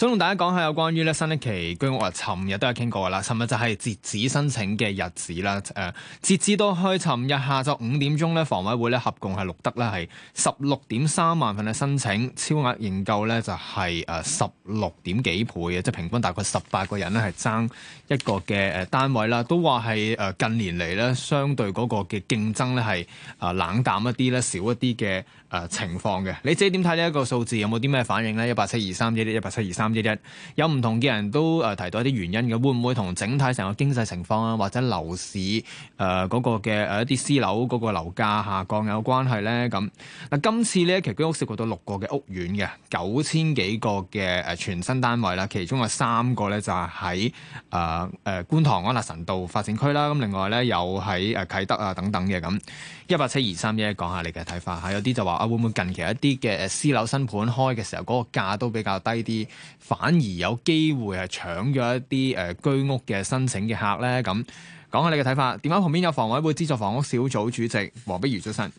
想同大家講下有關於咧新一期居屋啊，尋日都有傾過噶啦。尋日就係截止申請嘅日子啦。誒、呃，截止到去尋日下晝五點鐘咧，房委會咧合共係錄得咧係十六點三萬份嘅申請，超額認購咧就係誒十六點幾倍嘅，即係平均大概十八個人咧係爭一個嘅誒單位啦。都話係誒近年嚟咧，相對嗰個嘅競爭咧係啊冷淡一啲咧，少一啲嘅。呃、情況嘅，你自己點睇呢一個數字，有冇啲咩反應咧？一八七二三一一一八七二三一一，有唔同嘅人都、呃、提到一啲原因嘅，會唔會同整體成個經濟情況啊，或者樓市嗰、呃那個嘅一啲私樓嗰個樓價下降有關係咧？咁嗱、啊，今次呢一期居屋涉及到六個嘅屋苑嘅九千幾個嘅、呃、全新單位啦，其中有三個咧就係喺誒誒觀塘安達臣道發展區啦，咁、啊、另外咧又喺、呃、啟德啊等等嘅咁，一八七二三一一，講下你嘅睇法、啊、有啲就啊，會唔會近期一啲嘅誒私樓新盤開嘅時候，嗰、那個價都比較低啲，反而有機會係搶咗一啲誒、呃、居屋嘅申請嘅客咧？咁講下你嘅睇法。電話旁邊有房委會資助房屋小組主席，黃碧如，早晨。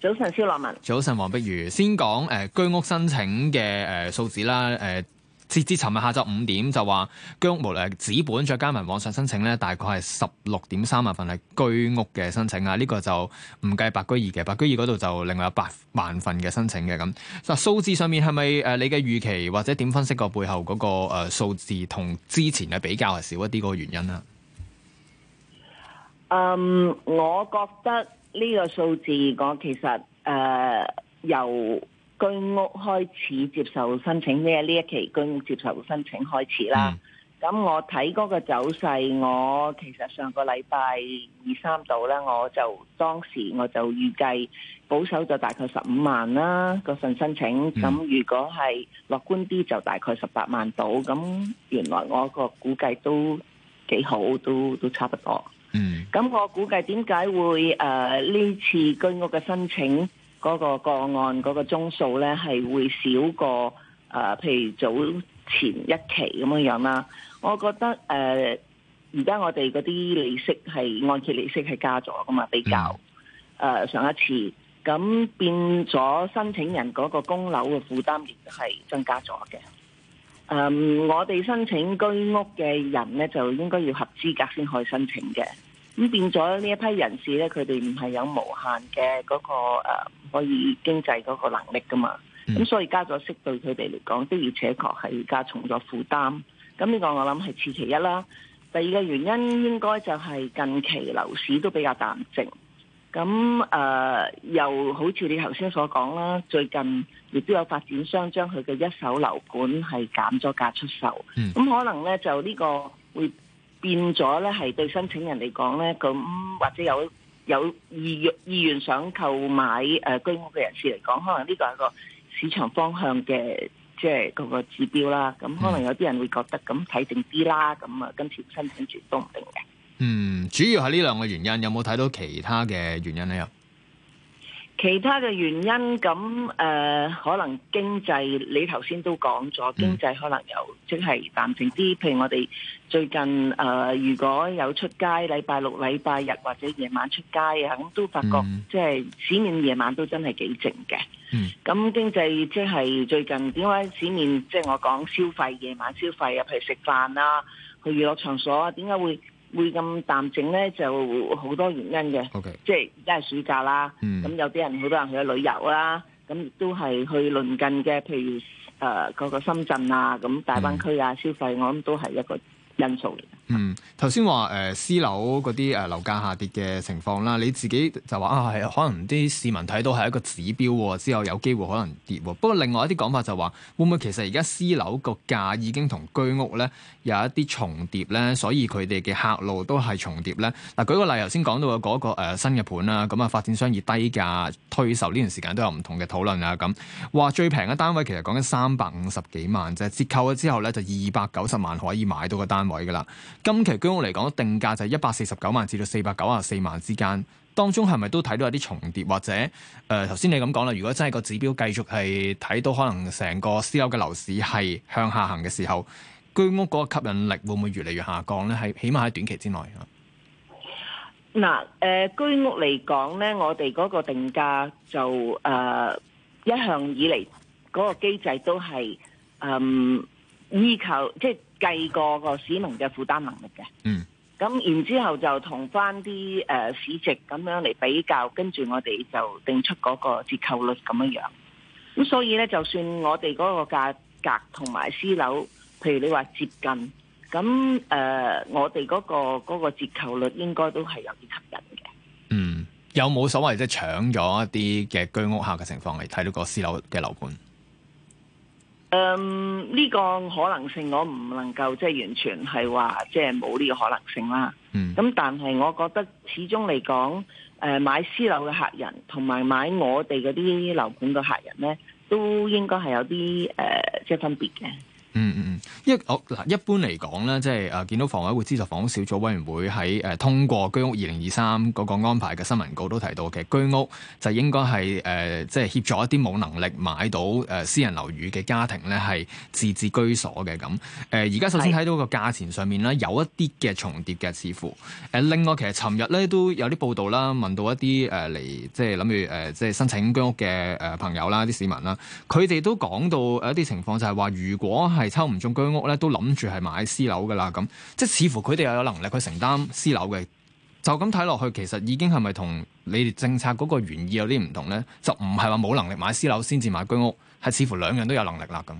早晨，肖樂文。早晨，黃碧如，先講誒、呃、居屋申請嘅誒數字啦，誒、呃。截至尋日下晝五點就話，居屋冇誒紙本，再加埋網上申請咧，大概係十六點三萬份係居屋嘅申請啊！呢、這個就唔計白居二嘅，白居二嗰度就另外有八萬份嘅申請嘅。咁。嗱，數字上面係咪誒你嘅預期，或者點分析個背後嗰、那個誒、呃、數字同之前嘅比較係少一啲個原因啊？嗯、um,，我覺得呢個數字講其實誒由。Uh, 居屋開始接受申請，咩呢一期居屋接受申請開始啦。咁、mm. 我睇嗰個走勢，我其實上個禮拜二三度咧，我就當時我就預計保守咗大概十五萬啦個份申請。咁、mm. 如果係樂觀啲，就大概十八萬度。咁原來我個估計都幾好，都都差不多。嗯。咁我估計點解會誒呢、呃、次居屋嘅申請？嗰、那個個案嗰個宗數咧係會少過啊、呃，譬如早前一期咁嘅樣啦。我覺得誒，而、呃、家我哋嗰啲利息係按揭利息係加咗㗎嘛，比較誒、呃、上一次，咁變咗申請人嗰個供樓嘅負擔亦都係增加咗嘅。嗯、呃，我哋申請居屋嘅人咧，就應該要合資格先可以申請嘅。咁變咗呢一批人士咧，佢哋唔係有無限嘅嗰、那個、呃、可以經濟嗰個能力噶嘛，咁、mm. 所以加咗息對佢哋嚟講的而且確係加重咗負擔。咁呢個我諗係次其一啦。第二個原因應該就係近期樓市都比較淡靜。咁誒、呃、又好似你頭先所講啦，最近亦都有發展商將佢嘅一手樓盤係減咗價出售。咁、mm. 可能咧就呢個會。變咗咧，係對申請人嚟講咧，咁或者有有意，意願意想購買誒、呃、居屋嘅人士嚟講，可能呢個係個市場方向嘅，即係嗰個指標啦。咁可能有啲人會覺得咁睇定啲啦，咁啊今次申請住都唔定嘅。嗯，主要係呢兩個原因，有冇睇到其他嘅原因咧？其他嘅原因咁、呃、可能經濟你頭先都講咗，經濟可能有、mm. 即係淡靜啲。譬如我哋最近、呃、如果有出街，禮拜六、禮拜日或者夜晚出街啊，咁都發覺、mm. 即係市面夜晚都真係幾靜嘅。咁、mm. 經濟即係最近點解市面即係我講消費，夜晚消費，譬如食飯啦、啊、去娛樂場所啊，點解會？會咁淡靜呢，就好多原因嘅，Okay. 即係而家係暑假啦，咁、嗯、有啲人好多人去咗旅遊啦，咁都係去鄰近嘅，譬如誒個、呃、個深圳啊，咁大灣區啊、嗯、消費，我諗都係一個因素嚟嘅。嗯，頭先話誒私樓嗰啲誒樓價下跌嘅情況啦，你自己就話啊，係可能啲市民睇到係一個指標喎、哦，之後有機會可能跌喎、哦。不過另外一啲講法就話，會唔會其實而家私樓個價已經同居屋咧有一啲重疊咧，所以佢哋嘅客路都係重疊咧。嗱、啊，舉個例，頭先講到嗰、那個、呃、新嘅盤啦、啊，咁啊發展商以低價推售呢段時間都有唔同嘅討論啊。咁話最平嘅單位其實講緊三百五十幾萬啫，折扣咗之後咧就二百九十萬可以買到個單位噶啦。今期居屋嚟講，定價就係一百四十九萬至到四百九啊四萬之間，當中係咪都睇到有啲重疊，或者誒頭先你咁講啦。如果真係個指標繼續係睇到可能成個私樓嘅樓市係向下行嘅時候，居屋嗰個吸引力會唔會越嚟越下降咧？係起碼喺短期之內。嗱，誒、呃呃、居屋嚟講咧，我哋嗰個定價就誒、呃、一向以嚟嗰個機制都係嗯、呃、依靠即係。計過個市民嘅負擔能力嘅，嗯，咁然之後就同翻啲誒市值咁樣嚟比較，跟住我哋就定出嗰個折扣率咁樣樣。咁所以呢，就算我哋嗰個價格同埋私樓，譬如你話接近，咁誒、呃，我哋嗰、嗰個、嗰個折扣率應該都係有啲吸引嘅。嗯，有冇所謂即係搶咗一啲嘅居屋客嘅情況嚟睇到個私樓嘅樓盤？誒，呢個可能性我唔能夠即係完全係話即係冇呢個可能性啦。咁、嗯、但係我覺得始終嚟講，誒、呃、買私樓嘅客人同埋買我哋嗰啲樓盤嘅客人呢，都應該係有啲誒、呃、即係分別嘅。嗯嗯嗯，因為我嗱一般嚟講咧，即係誒見到房委會資助房屋小組委員會喺誒通過居屋二零二三嗰個安排嘅新聞稿都提到嘅，居屋就應該係誒、呃、即係協助一啲冇能力買到誒私人樓宇嘅家庭咧，係自置居所嘅咁。誒而家首先睇到個價錢上面咧有一啲嘅重疊嘅，似乎誒另外其實尋日咧都有啲報道啦，問到一啲誒嚟即係諗住誒即係申請居屋嘅誒朋友啦，啲市民啦，佢哋都講到有一啲情況就係話，如果係抽唔中居屋咧，都諗住係買私樓噶啦，咁即係似乎佢哋又有能力去承擔私樓嘅。就咁睇落去，其實已經係咪同你哋政策嗰個原意有啲唔同咧？就唔係話冇能力買私樓先至買居屋，係似乎兩樣都有能力啦。咁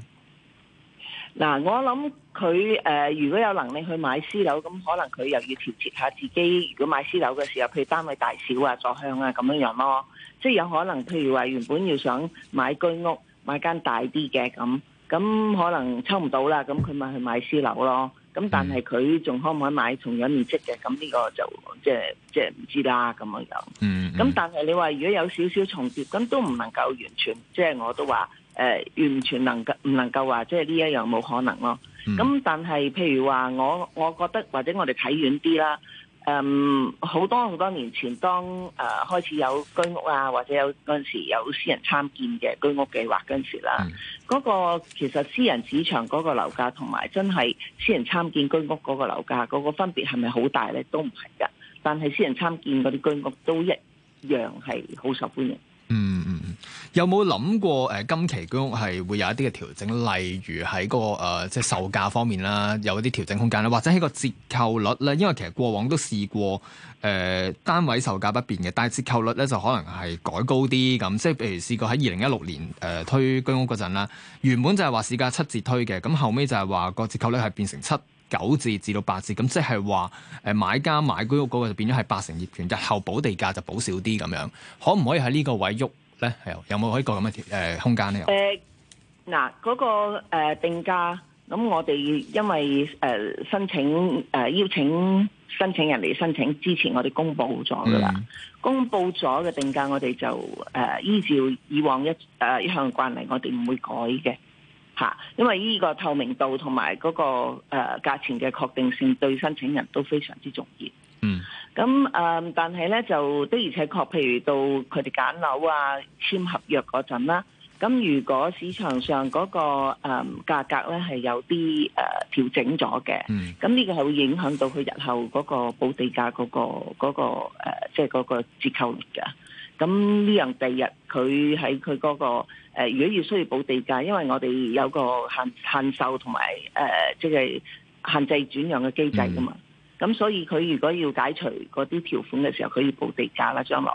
嗱，我諗佢誒，如果有能力去買私樓，咁可能佢又要調節下自己。如果買私樓嘅時候，譬如單位大小啊、座向啊咁樣樣、啊、咯，即係有可能，譬如話原本要想買居屋，買間大啲嘅咁。咁可能抽唔到啦，咁佢咪去買私樓咯。咁但係佢仲可唔可以買同樣面積嘅？咁呢個就即係即係唔知啦咁樣。咁、嗯嗯、但係你話如果有少少重疊，咁都唔能夠完全，即係我都話誒，完全能夠唔能夠話即係呢一樣冇可能咯。咁、嗯、但係譬如話我我覺得或者我哋睇遠啲啦。嗯，好多好多年前，當誒、呃、開始有居屋啊，或者有嗰陣時有私人參建嘅居屋計劃嗰陣時啦，嗰、mm. 個其實私人市場嗰個樓價同埋真係私人參建居屋嗰個樓價，嗰個分別係咪好大呢？都唔係噶，但係私人參建嗰啲居屋都一樣係好受歡迎。嗯嗯嗯，有冇諗過誒、呃，今期居屋係會有一啲嘅調整，例如喺嗰、那個誒、呃、即係售價方面啦，有一啲調整空間啦，或者喺個折扣率咧，因為其實過往都試過誒、呃、單位售價不變嘅，但係折扣率咧就可能係改高啲咁，即係譬如試過喺二零一六年誒、呃、推居屋嗰陣啦，原本就係話市價七折推嘅，咁後尾就係話個折扣率係變成七九字至到八字，咁即係話，誒買家買居屋嗰個就變咗係八成業權，日後補地價就補少啲咁樣，可唔可以喺呢個位喐咧？有沒有冇一個咁嘅誒空間咧？誒、呃，嗱、那個，嗰個誒定價，咁我哋因為誒申請誒、呃、邀請申請人嚟申請之前我們了了，嗯、佈我哋公布咗噶啦，公布咗嘅定價，我哋就誒依照以往一誒、啊、一向慣例，我哋唔會改嘅。嚇，因為呢個透明度同埋嗰個誒、呃、價錢嘅確定性對申請人都非常之重要。嗯，咁、呃、誒，但係咧就的而且確，譬如到佢哋揀樓啊、簽合約嗰陣啦，咁如果市場上嗰、嗰個誒、呃、價格咧係有啲誒、呃、調整咗嘅，咁、嗯、呢個係會影響到佢日後嗰個補地價嗰、嗰個嗰即係嗰折扣嘅。嗰個呃即係咁呢樣第日佢喺佢嗰個如果要需要補地價，因為我哋有個限限售同埋、呃、即係限制轉讓嘅機制噶嘛。咁、嗯、所以佢如果要解除嗰啲條款嘅時候，佢要補地價啦。將來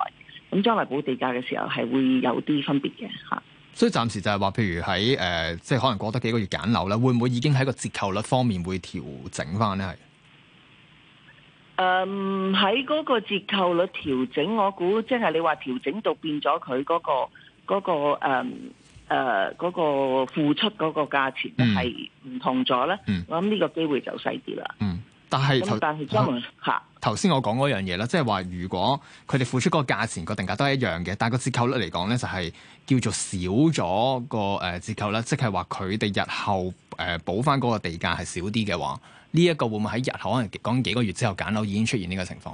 咁將來補地價嘅時候係會有啲分別嘅吓。所以暫時就係話，譬如喺、呃、即係可能過得幾個月揀樓咧，會唔會已經喺個折扣率方面會調整翻咧？係。誒喺嗰個折扣率調整，我估即係你話調整到變咗佢嗰個付出嗰個價錢係唔同咗咧、嗯嗯。我諗呢個機會就細啲啦。嗯，但係、嗯、但係，講吓頭先我講嗰樣嘢啦，即係話如果佢哋付出嗰個價錢個定價都係一樣嘅，但係個折扣率嚟講咧就係叫做少咗個誒折扣啦，即係話佢哋日後誒補翻嗰個地價係少啲嘅話。呢、這、一個會唔會喺日後可能講幾個月之後揀樓已經出現呢個情況？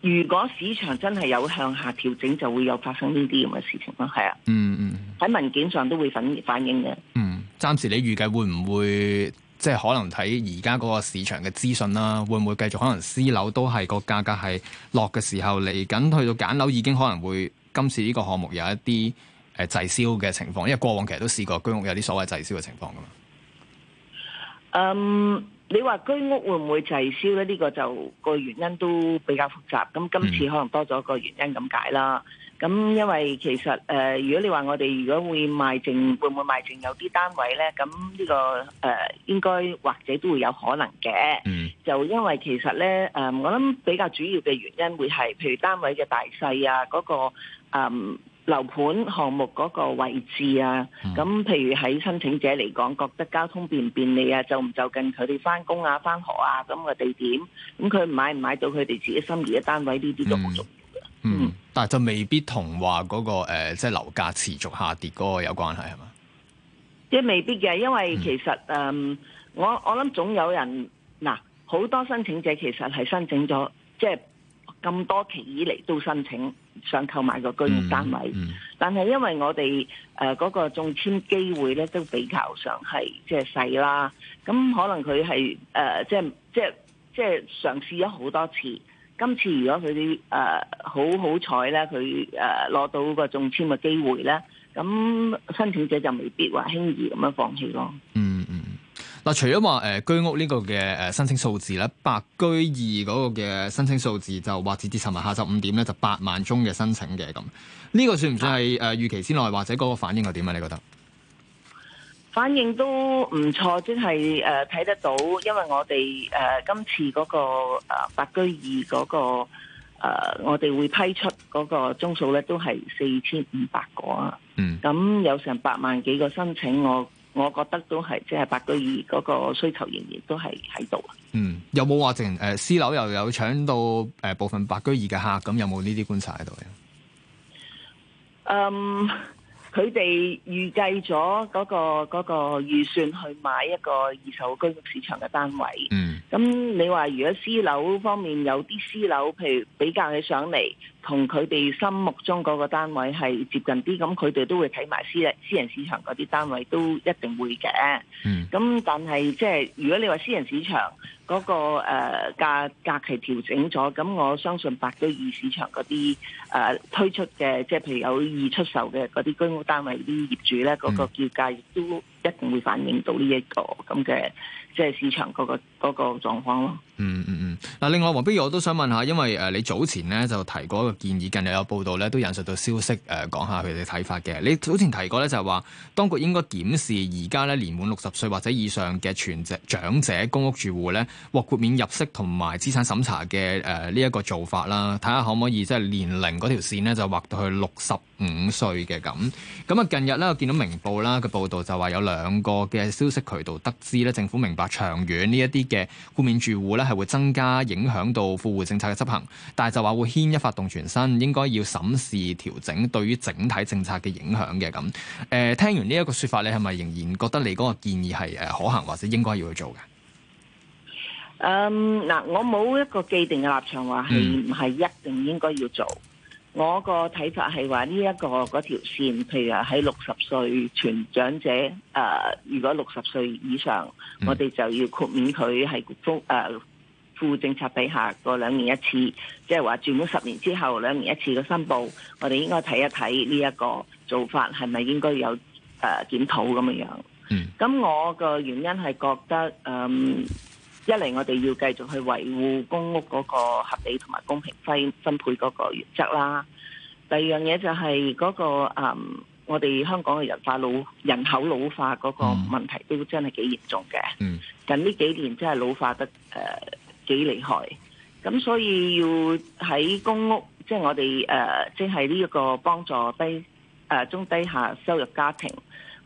如果市場真係有向下調整，就會有發生呢啲咁嘅事情咯。係啊，嗯嗯，喺文件上都會反映嘅。嗯，暫時你預計會唔會即係可能睇而家嗰個市場嘅資訊啦，會唔會繼續可能私樓都係個價格係落嘅時候嚟緊去到揀樓已經可能會今次呢個項目有一啲誒滯銷嘅情況，因為過往其實都試過居屋有啲所謂滯銷嘅情況噶嘛。嗯、um,。你話居屋會唔會滯銷咧？呢個就個原因都比較複雜。咁今次可能多咗個原因咁解啦。咁因為其實誒，如果你話我哋如果會賣剩，會唔會賣剩有啲單位咧？咁呢個誒應該或者都會有可能嘅。就因為其實咧誒，我諗比較主要嘅原因會係譬如單位嘅大細啊，嗰個嗯。樓盤項目嗰個位置啊，咁譬如喺申請者嚟講，覺得交通便唔便利啊，就唔就近佢哋返工啊、返學啊咁嘅地點，咁佢買唔買到佢哋自己心儀嘅單位，呢啲都好重要嘅。嗯，但係就未必同話嗰個即係、呃即係、樓價持續下跌嗰個有關係係嘛？即係未必嘅，因為其實誒、呃，我我諗總有人嗱，好多申請者其實係申請咗，即係咁多期以嚟都申請。想購買個居屋單位，嗯嗯、但係因為我哋誒嗰個中籤機會咧都比較上係即係細啦，咁可能佢係、呃、即係即係即係嘗試咗好多次，今次如果佢哋誒好好彩咧，佢誒攞到個中籤嘅機會咧，咁申請者就未必話輕易咁樣放棄咯。嗱，除咗話誒居屋呢個嘅誒申請數字咧，白居二嗰個嘅申請數字就或者至尋日下晝五點咧就八萬宗嘅申請嘅咁，呢、這個算唔算係誒預期之內，或者嗰個反應又點啊？你覺得？反應都唔錯，即係誒睇得到，因為我哋誒、呃、今次嗰、那個、呃、白居二嗰、那個、呃、我哋會批出嗰個宗數咧都係四千五百個啊。嗯。咁有成八萬幾個申請我。我覺得都係即係白居二嗰個需求仍然都係喺度啊。嗯，有冇話成誒私樓又有搶到誒部分白居二嘅客？咁有冇呢啲觀察喺度咧？嗯，佢哋預計咗嗰個嗰個預算去買一個二手居屋市場嘅單位。嗯，咁你話如果私樓方面有啲私樓，譬如比較起上嚟。同佢哋心目中嗰個單位係接近啲，咁佢哋都會睇埋私人私人市場嗰啲單位，都一定會嘅。咁、嗯、但係即係如果你話私人市場嗰、嗰個誒、呃、價格係調整咗，咁我相信白居二市場嗰啲、呃、推出嘅，即係譬如有意出售嘅嗰啲居屋單位啲業主咧，嗰、嗰個叫價亦都一定會反映到呢、這、一個咁嘅即係市場嗰、那個嗰個狀況咯。嗯嗯嗯。嗱，另外黃碧如我都想問一下，因為誒、呃、你早前咧就提過一個建議，近日有報道咧都引述到消息誒講、呃、下佢哋睇法嘅。你早前提過咧就係、是、話，當局應該檢視而家咧年滿六十歲或者以上嘅全長者公屋住戶咧獲豁免入息同埋資產審查嘅誒呢一個做法啦，睇下可唔可以即係年齡嗰條線咧就畫到去六十五歲嘅咁。咁、嗯、啊，近日咧我見到明報啦嘅報道就話有兩。兩個嘅消息渠道得知咧，政府明白長遠呢一啲嘅豁免住戶咧，係會增加影響到富戶政策嘅執行，但係就話會牽一發動全身，應該要審視調整對於整體政策嘅影響嘅咁。誒、呃，聽完呢一個說法你係咪仍然覺得你嗰個建議係誒可行或者應該要去做嘅？嗯，嗱，我冇一個既定嘅立場話係唔係一定應該要做。我個是說、這個睇法係話呢一個嗰條線，譬如喺六十歲全長者，誒、呃、如果六十歲以上，我哋就要豁免佢係副誒副政策底下個兩年一次，即係話住滿十年之後兩年一次嘅申報，我哋應該睇一睇呢一個做法係咪應該有誒、呃、檢討咁樣樣。咁、嗯、我個原因係覺得嗯。呃一嚟，我哋要繼續去維護公屋嗰個合理同埋公平分分配嗰個原則啦。第二樣嘢就係嗰個誒，我哋香港嘅人化老人口老化嗰個問題都真係幾嚴重嘅。嗯，近呢幾年真係老化得誒幾厲害，咁所以要喺公屋，即係我哋誒，即係呢一個幫助低誒中低下收入家庭。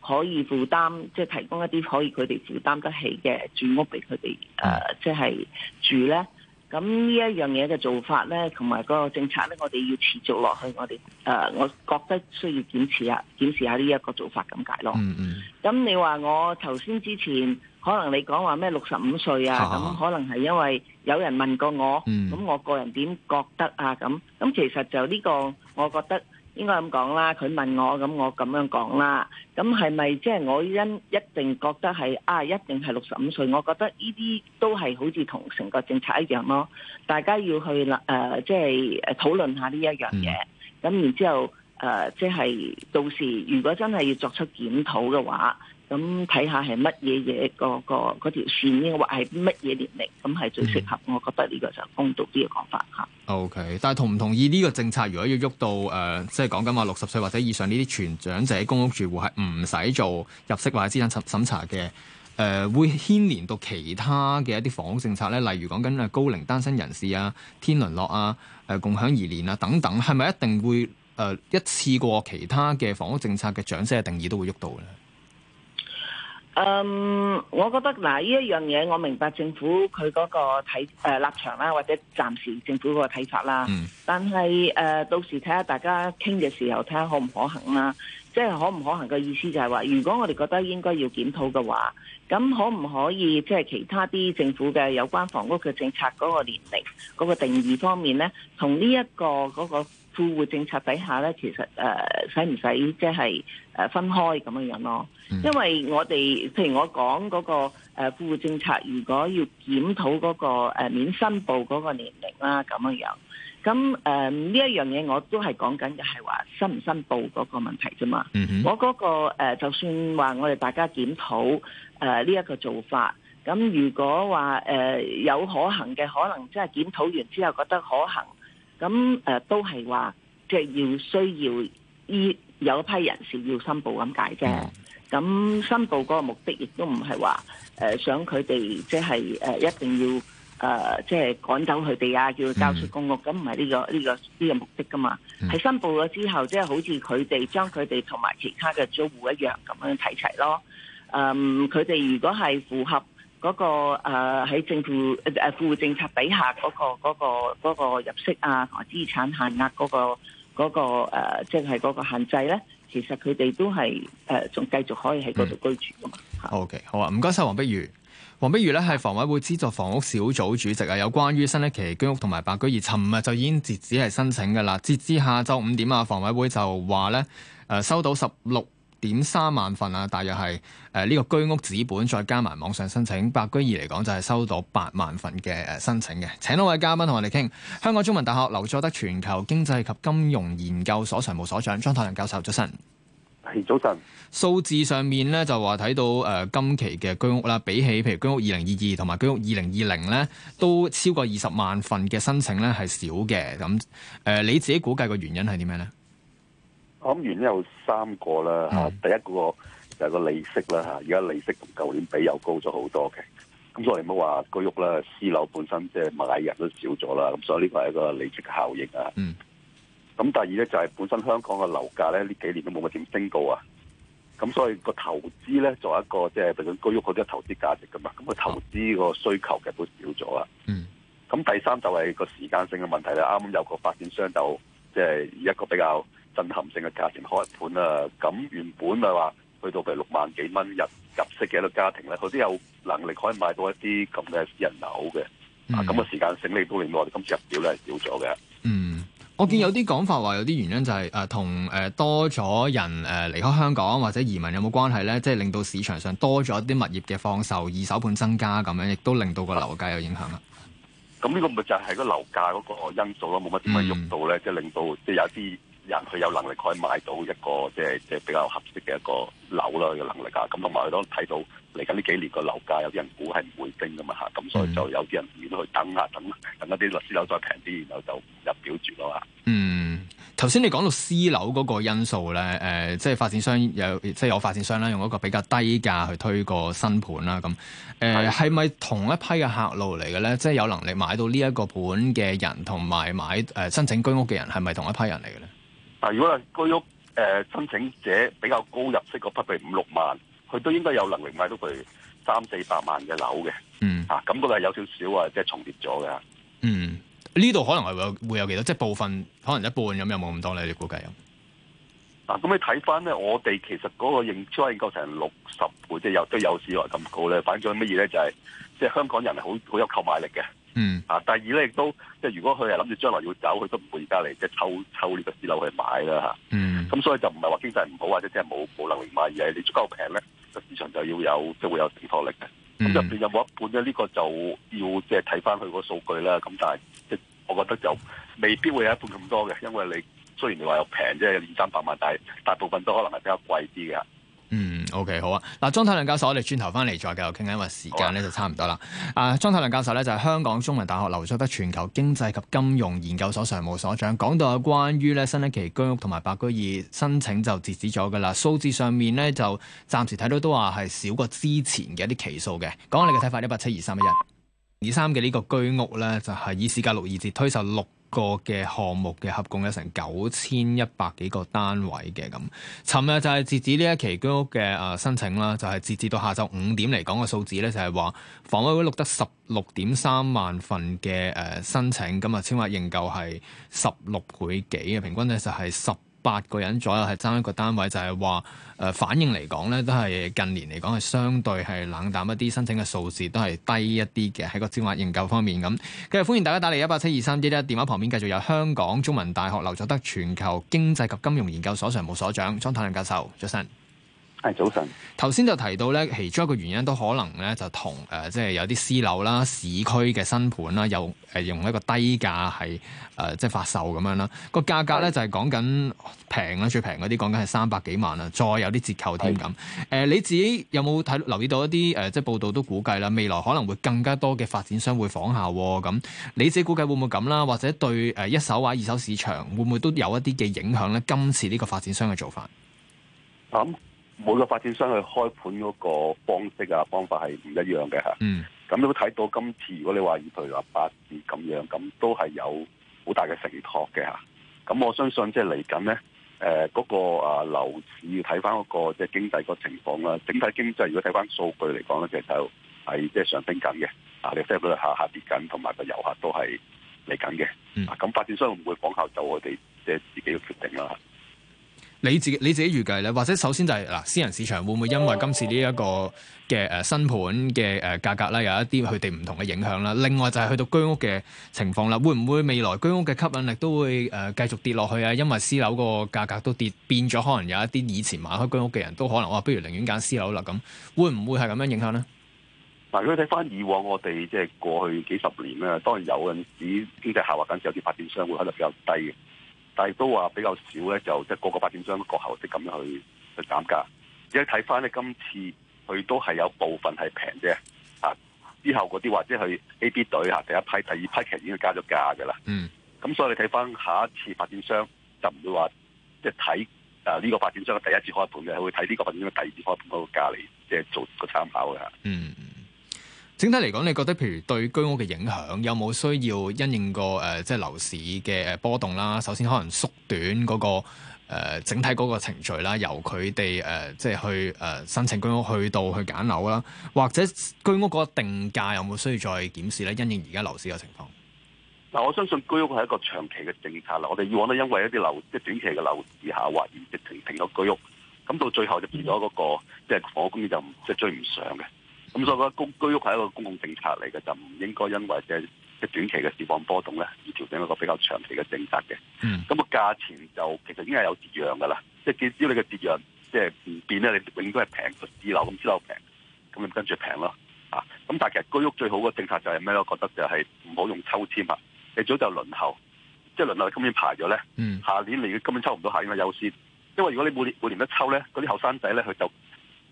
可以負擔，即係提供一啲可以佢哋負擔得起嘅住屋俾佢哋，誒、呃，即係住咧。咁呢一樣嘢嘅做法咧，同埋嗰個政策咧，我哋要持續落去。我哋誒、呃，我覺得需要檢視下，檢視下呢一個做法咁解咯。咁、嗯嗯、你話我頭先之前，可能你講話咩六十五歲啊，咁、啊、可能係因為有人問過我，咁、嗯、我個人點覺得啊？咁咁其實就呢個，我覺得。應該咁講啦，佢問我咁，我咁樣講啦。咁係咪即係我因一定覺得係啊？一定係六十五歲。我覺得呢啲都係好似同成個政策一樣咯。大家要去啦誒，即係誒討論下呢一樣嘢。咁然之後誒，即係到時如果真係要作出檢討嘅話。咁睇下係乜嘢嘢，那個個嗰條線咧，或係乜嘢年齡咁係最適合？我覺得呢個就公道啲嘅講法嚇。O、okay, K.，但係同唔同意呢個政策？如果要喐到誒、呃，即係講緊話六十歲或者以上呢啲全長者公屋住戶係唔使做入息或者資產審審查嘅？誒、呃、會牽連到其他嘅一啲房屋政策咧，例如講緊誒高齡單身人士啊、天倫樂啊、誒、呃、共享而年啊等等，係咪一定會誒、呃、一次過其他嘅房屋政策嘅長者嘅定義都會喐到咧？嗯、um,，我覺得嗱，呢、啊、一樣嘢我明白政府佢嗰個睇誒立場啦，或者暫時政府嗰個睇法啦。嗯、mm.。但、啊、係到時睇下大家傾嘅時候，睇下可唔可行啦。即、就、係、是、可唔可行嘅意思就係話，如果我哋覺得應該要檢討嘅話，咁可唔可以即係、就是、其他啲政府嘅有關房屋嘅政策嗰個年齡嗰、那個定義方面呢，同呢一個嗰、那個？富戶政策底下咧，其實使唔使即係分開咁樣樣咯？因為我哋譬如我講嗰、那個誒富戶、呃、政策，如果要檢討嗰、那個免、呃、申報嗰個年齡啦咁樣樣，咁呢一樣嘢、呃、我都係講緊就係話申唔申報嗰個問題啫嘛、嗯。我嗰、那個、呃、就算話我哋大家檢討誒呢一個做法，咁、呃、如果話、呃、有可行嘅，可能即係檢討完之後覺得可行。咁、呃、都係話，即係要需要依有一批人士要申報咁解啫。咁申報嗰個目的亦都唔係話誒想佢哋即係誒一定要誒即係趕走佢哋啊，叫交出公屋，咁唔係呢個呢個呢個目的㗎嘛。係、嗯、申報咗之後，即係好似佢哋將佢哋同埋其他嘅租戶一樣咁樣睇齊咯。誒、呃，佢哋如果係符合。嗰、那個喺、呃、政府誒誒、呃、富戶政策底下嗰、那個嗰嗰、那個那個、入息啊同埋資產限額嗰、那個嗰即係嗰限制咧，其實佢哋都係誒仲繼續可以喺嗰度居住㗎嘛。嗯、okay, 好嘅，好啊，唔該晒。黃碧如。黃碧如咧係房委會資助房屋小組主席啊，有關於新一期居屋同埋白居二尋日就已經截止係申請㗎啦。截至下晝五點啊，房委會就話咧、呃、收到十六點三萬份啊，大約係誒呢個居屋紙本再加埋網上申請，白居二嚟講就係收到八萬份嘅誒申請嘅。請多位嘉賓同我哋傾。香港中文大學劉佐德全球經濟及金融研究所常務所長莊太量教授，早晨，早晨。係早晨。數字上面咧就話睇到誒、呃、今期嘅居屋啦，比起譬如居屋二零二二同埋居屋二零二零咧，都超過二十萬份嘅申請咧係少嘅。咁誒、呃、你自己估計個原因係點樣咧？我諗原因有三個啦，吓、啊，第一嗰個就係個利息啦，吓、啊，而家利息同舊年比又高咗好多嘅。咁所以你唔好話居屋啦，私樓本身即係買人都少咗啦，咁所以呢個係一個利息嘅效應、嗯、啊。咁第二咧就係本身香港嘅樓價咧呢這幾年都冇乜點升高、就是那個嗯、啊。咁所以個投資咧作為一個即係譬如講居屋啲投資價值噶嘛，咁個投資個需求其實都少咗啊。咁第三就係個時間性嘅問題啦。啱啱有個發展商就即係、就是、一個比較。震撼性嘅價錢開盤啊！咁原本咪話去到譬如六萬幾蚊入入息嘅一個家庭咧，佢都有能力可以買到一啲咁嘅私人樓嘅、嗯。啊，咁嘅時間性咧亦都令到我哋今次入表咧係少咗嘅。嗯，我見有啲講法話有啲原因就係誒同誒多咗人誒、呃、離開香港或者移民有冇關係咧？即係令到市場上多咗一啲物業嘅放售、二手盤增加咁樣，亦都令到個樓價有影響。咁、啊、呢、嗯、個咪就係個樓價嗰個因素咯，冇乜點樣喐到咧，即係令到即係有一啲。人佢有能力可以買到一個即係即係比較合適嘅一個樓啦嘅能力啊，咁同埋佢都睇到嚟緊呢幾年個樓價有啲人估係唔會升噶嘛嚇，咁、嗯、所以就有啲人願意去等啊等，等一啲律師樓再平啲，然後就入表住咯嚇。嗯，頭先你講到私樓嗰個因素咧，誒、呃，即、就、係、是、發展商有即係、就是、有發展商啦，用一個比較低價去推個新盤啦，咁誒係咪同一批嘅客路嚟嘅咧？即、就、係、是、有能力買到呢一個盤嘅人，同埋買誒、呃、申請居屋嘅人，係咪同一批人嚟嘅咧？但如果居屋誒、呃、申請者比較高入息個批譬如五六萬，佢都應該有能力買到佢三四百萬嘅樓嘅。嗯，啊，咁嗰個有少少啊，即係重疊咗嘅。嗯，呢度可能係會有幾多，即係部分可能一半咁，有冇咁多咧？你估計有啊？嗱，咁你睇翻咧，我哋其實嗰個認專認購成六十倍，即係有都有史以來咁高咧。反映咗乜嘢咧？就係即係香港人係好好有購買力嘅。嗯，啊，第二咧亦都即係如果佢係諗住將來要走，佢都唔會而家嚟，即係抽抽呢個市樓去買啦吓，咁、嗯、所以就唔係話經濟唔好或者即係冇冇能力買，而係你足夠平咧，個市場就要有即係會有抵抗力嘅。咁入邊有冇一半咧？呢、這個就要即係睇翻佢個數據啦。咁但係即我覺得就未必會有一半咁多嘅，因為你雖然你話有平，即係有二三百萬，000, 但係大部分都可能係比較貴啲嘅。嗯，OK，好啊。嗱，莊太量教授，我哋轉頭翻嚟再繼續傾緊，因為時間咧就差唔多啦、啊。啊，莊太量教授咧就係香港中文大學劉佐德全球經濟及金融研究所常務所長。講到啊，關於咧新一期居屋同埋白居二申請就截止咗噶啦。數字上面咧就暫時睇到都話係少過之前嘅一啲期數嘅。講下你嘅睇法，一八七二三一一二三嘅呢個居屋咧就係以市價六二折推售六。個嘅項目嘅，合共有成九千一百幾個單位嘅。咁，尋日就係截止呢一期居屋嘅申請啦，就係、是、截止到下晝五點嚟講嘅數字咧，就係話房委會錄得十六點三萬份嘅申請，咁啊簽發認購係十六倍幾嘅，平均咧，就係十。八個人左右係爭一個單位，就係話誒反應嚟講咧，都係近年嚟講係相對係冷淡一啲，申請嘅數字都係低一啲嘅，喺個超額認購方面咁。繼續歡迎大家打嚟一八七二三一一，電話旁邊繼續有香港中文大學劉佐德全球經濟及金融研究所常務所長莊太量教授，早晨。係早晨。頭先就提到咧，其中一個原因都可能咧，就同誒，即係有啲私樓啦、市區嘅新盤啦，又誒用一個低價係誒、呃，即係發售咁樣啦。個價格咧就係講緊平啦，最平嗰啲講緊係三百幾萬啊，再有啲折扣添咁。誒、呃，你自己有冇睇留意到一啲誒、呃，即係報道都估計啦，未來可能會更加多嘅發展商會仿效咁。啊、你自己估計會唔會咁啦？或者對誒一手或二手市場會唔會都有一啲嘅影響咧？今次呢個發展商嘅做法咁。嗯每個發展商去開盤嗰個方式啊，方法係唔一樣嘅嚇，咁你會都睇到今次如果你話譬如話八折咁樣，咁都係有好大嘅承托嘅嚇。咁我相信即係嚟緊咧，誒、呃、嗰、那個啊，樓市要睇翻嗰個即係、就是、經濟個情況啦。整體經濟如果睇翻數據嚟講咧，就係即係上升緊嘅，啊，你睇到下下跌緊，同埋個遊客都係嚟緊嘅。咁、嗯、發展商唔會講求就我哋即係自己嘅決定啦。你自己你自己預計咧，或者首先就係、是、嗱私人市場會唔會因為今次呢一個嘅誒新盤嘅誒價格咧，有一啲佢哋唔同嘅影響啦。另外就係去到居屋嘅情況啦，會唔會未來居屋嘅吸引力都會誒繼、呃、續跌落去啊？因為私樓個價格都跌，變咗，可能有一啲以前買開居屋嘅人都可能話、啊、不如寧願揀私樓啦。咁會唔會係咁樣影響呢？嗱，如果睇返以往我哋即係過去幾十年咧，當然有陣時經濟下滑緊時，有啲發展商會可能比較低嘅。但係都話比較少咧，就即係個個發展商個後即咁樣去去減價。而家睇翻咧，今次佢都係有部分係平啫，啊之後嗰啲或者去 A B 隊吓，第一批、第二批其實已經加咗價噶啦。嗯，咁所以你睇翻下一次發展商就唔會話即係睇啊呢個發展商嘅第一次開盤嘅，佢會睇呢個發展商的第二次開盤嗰個價嚟，即係做個參考嘅。嗯。整體嚟講，你覺得譬如對居屋嘅影響有冇需要因應過誒、呃，即係樓市嘅波動啦？首先可能縮短嗰、那個誒、呃、整體嗰個程序啦，由佢哋誒即係去誒、呃、申請居屋去到去揀樓啦，或者居屋嗰個定價有冇需要再檢視咧？因應而家樓市嘅情況。嗱，我相信居屋係一個長期嘅政策啦，我哋以往都因為一啲樓即係、就是、短期嘅樓市下滑而停停咗居屋，咁到最後就變咗嗰個即係房屋供應就即係追唔上嘅。咁所以覺得公居屋係一個公共政策嚟嘅，就唔應該因為即係即係短期嘅市況波動咧而調整一個比較長期嘅政策嘅。咁個價錢就其實已經係有跌樣噶啦，即係只要你嘅跌樣，即係唔變咧，你永遠都係平過私樓咁，私樓平，咁你跟住平咯。啊，咁但係其實居屋最好嘅政策就係咩咧？我覺得就係唔好用抽籤啊，你早就輪候，即係輪候你今天，今年排咗咧，下年你根本抽唔到，下年優先，因為如果你每年每年一抽咧，嗰啲後生仔咧佢就。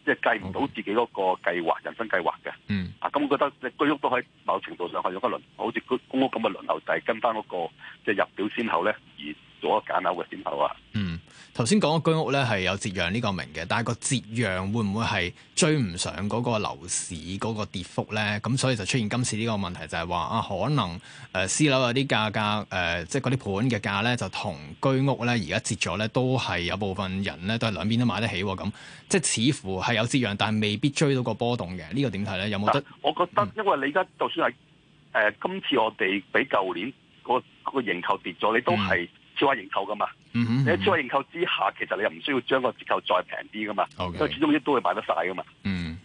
即係計唔到自己嗰個計劃，人生計劃嘅，mm. 啊，咁我覺得即係居屋都喺某程度上係有一輪，好似公屋咁嘅輪流，就係、是、跟翻嗰、那個即係、就是、入表先後咧而。做個簡陋嘅點頭啊！嗯，頭先講個居屋咧係有折讓呢個名嘅，但係個折讓會唔會係追唔上嗰個樓市嗰個跌幅咧？咁所以就出現今次呢個問題就，就係話啊，可能私、呃、樓有啲價格即係嗰啲盤嘅價咧，就同、是、居屋咧而家跌咗咧，都係有部分人咧都係兩邊都買得起喎。咁即似乎係有折讓，但係未必追到個波動嘅。這個、呢個點睇咧？有冇得？我覺得，因為你而家就算係、呃、今次我哋比舊年嗰個營購跌咗，你都係。超額認購噶嘛？嗯哼，嗯哼，你喺超額認購之下，其實你又唔需要將個折扣再平啲噶嘛？好、okay.，因為始終都會買得晒噶嘛。嗯，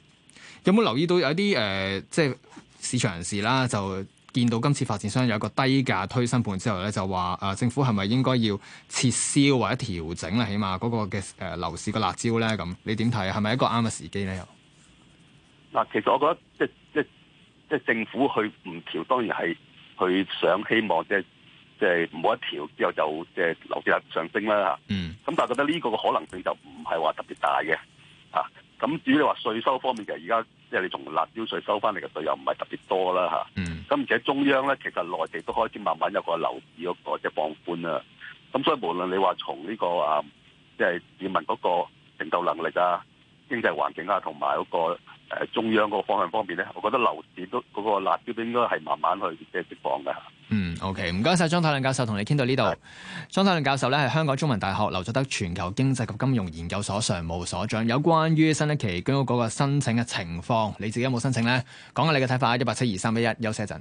有冇留意到有一啲誒，即係市場人士啦，就見到今次發展商有一個低價推新盤之後咧，就話誒、啊、政府係咪應該要撤銷或者調整咧？起碼嗰個嘅誒、呃、樓市個辣招咧咁，你點睇啊？係咪一個啱嘅時機咧？又嗱，其實我覺得即即即政府去唔調，當然係去想希望即係。即係冇一條之後就即係樓價上升啦吓，咁、嗯、但係覺得呢個嘅可能性就唔係話特別大嘅，吓、啊、咁至於你話稅收方面，其實而家即係你從辣招稅收翻嚟嘅稅又唔係特別多啦吓，咁、啊嗯、而且中央咧其實內地都開始慢慢有樓個樓市嗰個即係放寬啦，咁、啊、所以無論你話從呢個啊即係市民嗰個承受能力啊、經濟環境啊，同埋嗰個、呃、中央個方向方面咧，我覺得樓市都嗰、嗰個辣招都應該係慢慢去即係釋放嘅。嗯，OK，唔該晒莊太量教授同你傾到呢度。莊太量教授咧，係香港中文大學劉佐德全球經濟及金融研究所常務所長。有關於新一期居屋嗰個申請嘅情況，你自己有冇申請咧？講下你嘅睇法。一八七二三一一，休息一陣。